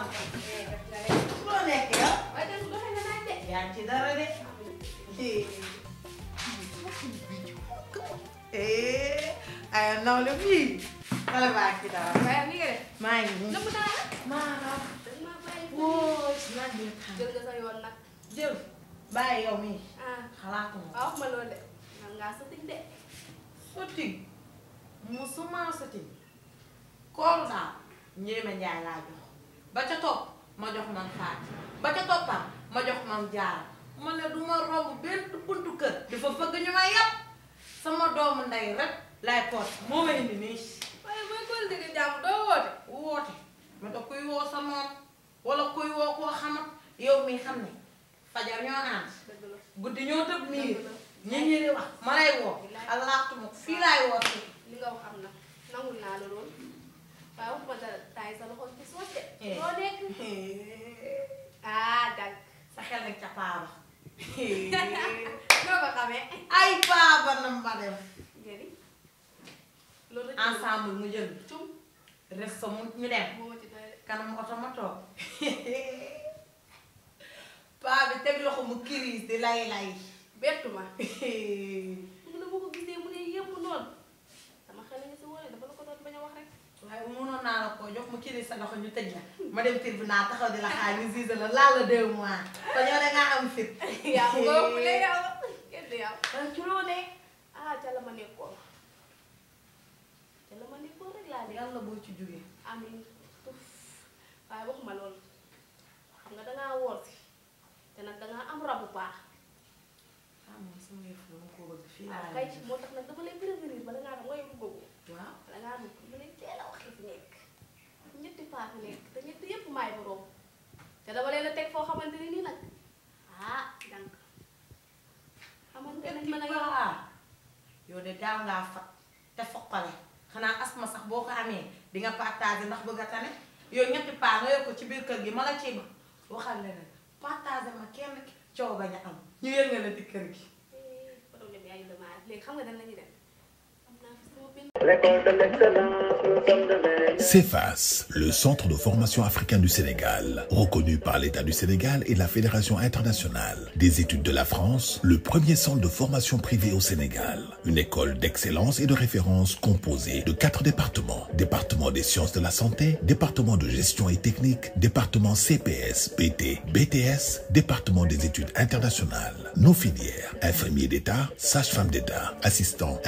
am loo nekk yow. waaye tey su doxee nga naaj de. yaa ngi ci dara de. ay ndaw la fii. xale baa ngi ci dara. waaye ni nga def. la. nga sa yoon de. man ngaa sëtig de. sëtig. musuma sëtig. kóol ba ca topp ma jox maam Faati ba ca toppam ma jox maam Jaara ma ne du ma romb benn buntu kër dafa fa fëgg ñu may yàpp sama doomu ndey rek lay koot moo ma indi nii waaye doo woote woote ma da kuy woo sa noon wala kuy woo koo xamat yow mi xam ne fajar ñoo ànd guddi ñoo tëb miir ñu ñi di wax ma lay woo alaatuma fii laay woote li nga wax am na waaw man dara taay sama xol ci suuf de. nekk. ah dal sa xel nag ca paaba. noo ko xamee. ay paaba na ma dem. jërëjëf. loolu ensemble mu jël tum. ref fa mu ñu mu kiris mu ne boo ko gisee mu ne yëpp noonu. sama xel nga si wóoree dafa la ko doon bañ a wax rek. waaye ko jox mu kiri sa loxo ñu tëj la ma dem tribunal taxaw di la xaar ñu la laal la deux mois te ñoo ne ngaa am fit. yaa ngi ko wule ci loo ne ah ca ma nekkoon ca la ma nekkoon rek laa de. yàlla boo ci jógee. amiin waaye waxuma loolu xam nga dangaa woor si am rabu baax. ah ma ko bëgg fii laa ah, kay moo tax nag dama lay prévenir bala ngaa dem waaye mu bëgg. waaw bala ngaa dem dama lay teel a waxee fi nekk. ñetti paa fi nekk te ñetti yépp maay borom te dama leen a teg foo xamante ni nii nag ah donc xamante a yow yow de gaaw ngaa fat te xanaa asma sax boo amee di nga partager ndax bëgg a tane yow nga yor ko ci biir kër gi ma la ci ba waxal leneen partager ma kenn coow bañ a am kër gi. Eh, problème yaa xam nga dan lañuy def. CEFAS, le centre de formation africain du Sénégal, reconnu par l'État du Sénégal et la Fédération internationale des études de la France, le premier centre de formation privée au Sénégal. Une école d'excellence et de référence composée de quatre départements. Département des sciences de la santé, département de gestion et technique, département CPS, BT, BTS, département des études internationales. Nos infirmiers d'État, sage-femme d'État, assistant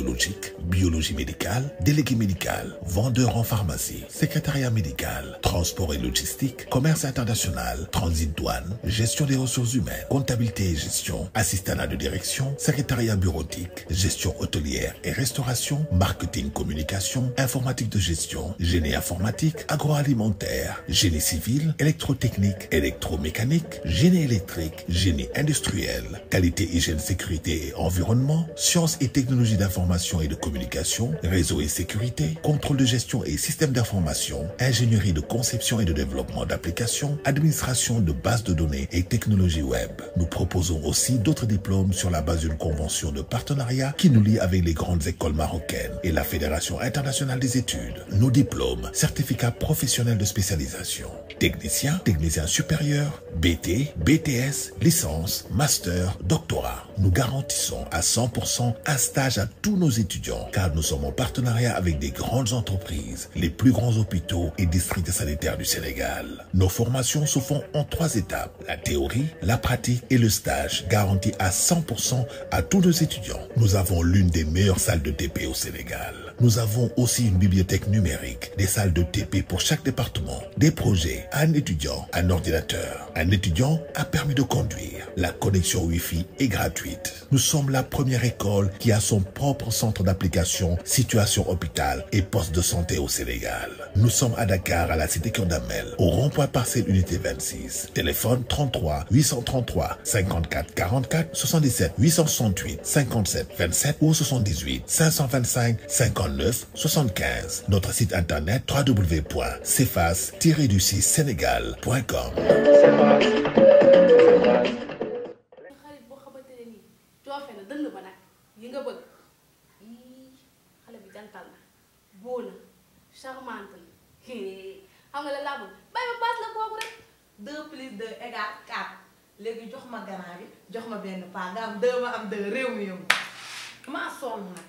biologique, biologie médicale, délégué médical, vendeur en pharmacie, secrétariat médical, transport et logistique, commerce international, transit douane, gestion des ressources humaines, comptabilité et gestion, assistanat de direction, secrétariat bureautique, gestion hôtelière et restauration, marketing communication, informatique de gestion, génie informatique, agroalimentaire, génie civil, électrotechnique, électromécanique, génie électrique, génie industriel, qualité, hygiène, d'information et de communication, réseau et sécurité, contrôle de gestion et système d'information, ingénierie de conception et de développement d'applications, administration de bases de données et technologies web. Nous proposons aussi d'autres diplômes sur la base d'une convention de partenariat qui nous lie avec les grandes écoles marocaines et la Fédération internationale des études. Nos diplômes, certificats professionnels de spécialisation, technicien, technicien supérieur, BT, BTS, licence, master, à 100% un stage à tout tous nos étudiants, car nous sommes en partenariat avec des grandes entreprises, les plus grands hôpitaux et districts sanitaires du Sénégal. Nos formations se font en trois étapes, la théorie, la pratique et le stage, garantis à 100% à tous nos étudiants. Nous avons l'une des meilleures salles de TP au Sénégal. Nous avons aussi pour chaque département, des projets, un étudiant, La connexion Wi-Fi est gratuite. Nous la première école qui a son propre centre d'application, situation hôpital et poste de santé au Sénégal. Nous sommes à Dakar, à la cité Condamel, au rond-point parcelle unité 26. Téléphone 33 833 59 75. Notre site internet www.cefas-du6sénégal.com. xarit boo xamante ne boobu jox ma ganaar bi jox ma benn paa nga am 2 ma am 2 réew mi yëngu maa sonn nag.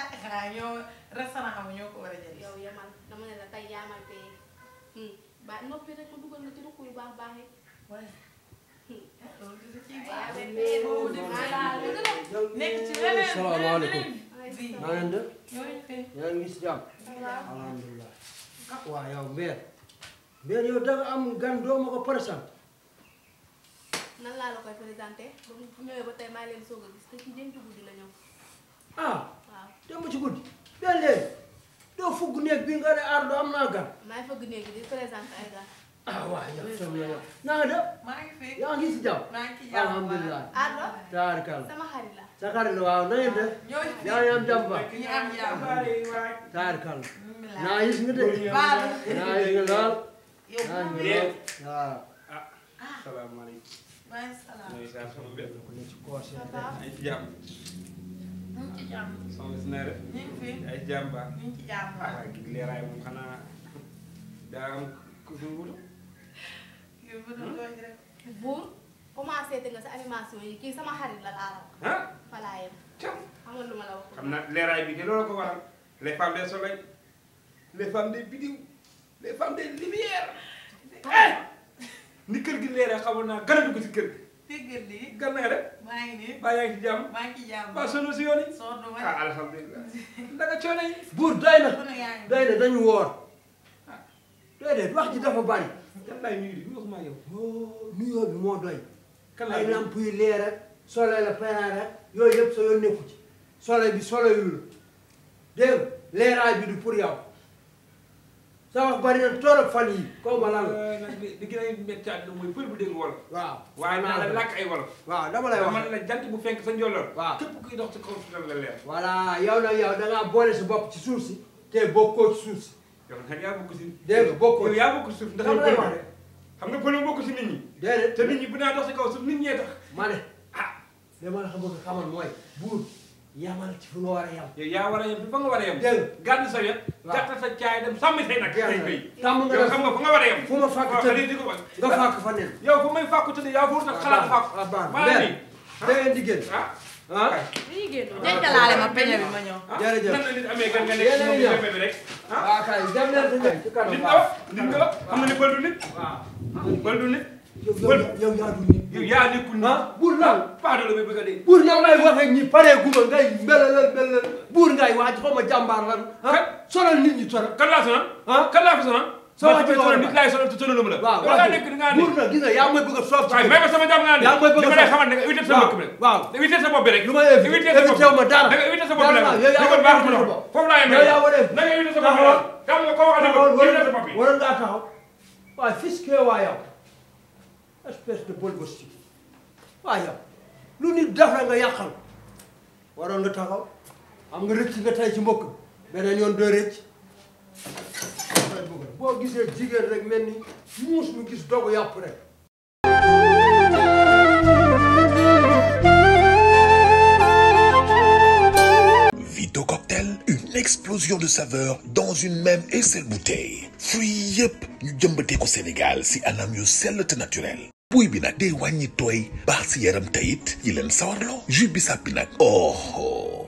ah xanaa ñoo restaurant xam ñoo war a jël. yow yamal dama ne la tey yaamal tey hmm. ba noppi rek ma dugal na ci rukk yu baax baax yi. nekk ci leneen salaamaaleykum. maa ngeen def. yaa ngi si yow Mbène. am gan doo ko présenté. nan laa la koy présenté ba mu ñëwee ba tey maa leen soog gis te ci jën dugub ji la ah. démb ci guddi benn léegi doo fugg néeg bi nga ne aar doo am naa gan. maa ah, yaa ngi ci jàmm. maa ngi ci jàmm alhamdulilah. Ardo taarikalla sama xarit la. sa xarit la waaw na ngeen def. ci yaa ngi am jàmm ba. ñu am jàmm taarikalla. naa nga de. naa gis nga lool. ci jàmm. soxna si na rek. ñu ngi fi ay jàmbaar. ñu ngi ci jàmbaar ah, waaw gi leeraay moom xanaa daa buur commencé te nga sa animation yi kii sama xarit la laa wax. ah falaa yem. cam xamal lu ma la wax. xam naa leeraay bi de loolu ko waral les femmes des soleil les femmes des biddiw les femmes des lumières. Eh! ni kër gi leeraay xamoon naa gën a dugg si kër déggal lii gan na nga def. maa ngi nii baa yaa ngi ci jàmm. maa ngi ci jàmm waa ah, doy na doy na dañu woor. Ah, doy na wax ji oh, bi moo doy. kan laay ay lamp yu la peraara yooyu yëpp sa yoon nekku ci. soleil bi soleil yu la dégg leeraay pour yow. sa wax bari na torop fan yi kaw ma lan la di euh, gën a métti àdduna mooy pël bu dégg wolof waaw waaye ay wolof waaw dama lay wax man la bu fenk sa njolloor waaw képp kuy dox ci ko suuf la leer voilà yow nag yow da ngaa boole si bopp ci suuf si te bokkoo ci suuf si si dégg nga bokkoo yaa bokk si suuf ndax dama lay wax de nga pël bokk si nit ñi déedéet te nit ñi bu naa dox si kaw suuf nit ñee tax ma ne ah dama la xam nga yamal ci fu nga war a yam. yow yaa war a yam fa nga war a yam. dégg nga gàddu sa wet. waaw gàtt sa caay dem sàmm say nag. tàmm nga yow xam nga fa nga war a yam. fu ma fàkk tëdd nga fàkk fa nen. yow fu may fàkk tëdd yaa fóor nag xalaat fàkk. abaa abaa benn di génn. ah dañuy génn dencalaale ma peñe bi ma ñëw. jërëjëf nan la nit amee gan nga nekk moom ñu demee bi rek. waaw kay dem leen di ñëw. nit nga nit nga xam nga ni bël du nit. waaw bël du nit. yow yow yaa du nit yow yaa nekkul na ah, buur lan paadolo bi bëgg a dee buur yow lay wax ak ñi paree guma ngay mbelelal mbelelal buur ngay waaj xaw ma jàmbaar lan ah solal nit ñi sonal kan laa sonal ah kan laa ko sonal soo wax ci wàllu nit laay sonal te sonaluma la waaw waaw nekk nga buur na gis nga yaa may bëgg a soof ci may ma sama jàmm naa yaa may bëgg a soof xamal nga éviter sa bopp rek waaw éviter sa bopp rek lu may éviter sa bopp ma dara nga éviter sa bopp rek yow baax na foofu laa yemee yow na nga éviter sa bopp rek xam nga koo wax na ko éviter sa bopp waroon ngaa taxaw waaw fis kee waa yow lu nit def nga yàqal waroon nga taxaw xam nga rëcc nga tey ci mbokk beneen yoon doo rëcc boo gisee jigéen rek mel ni muus mu gis dogu yàpp rek Vito cocktail une explosion de saveurs dans une même et seule bouteille fruits yëpp ñu jëmbatee ko Sénégal si anam yu sell te naturel puuy bi nag day wàññi tooy baax si yaram tayit yi leen sawarloo jus bi sàppi nag oh, oh.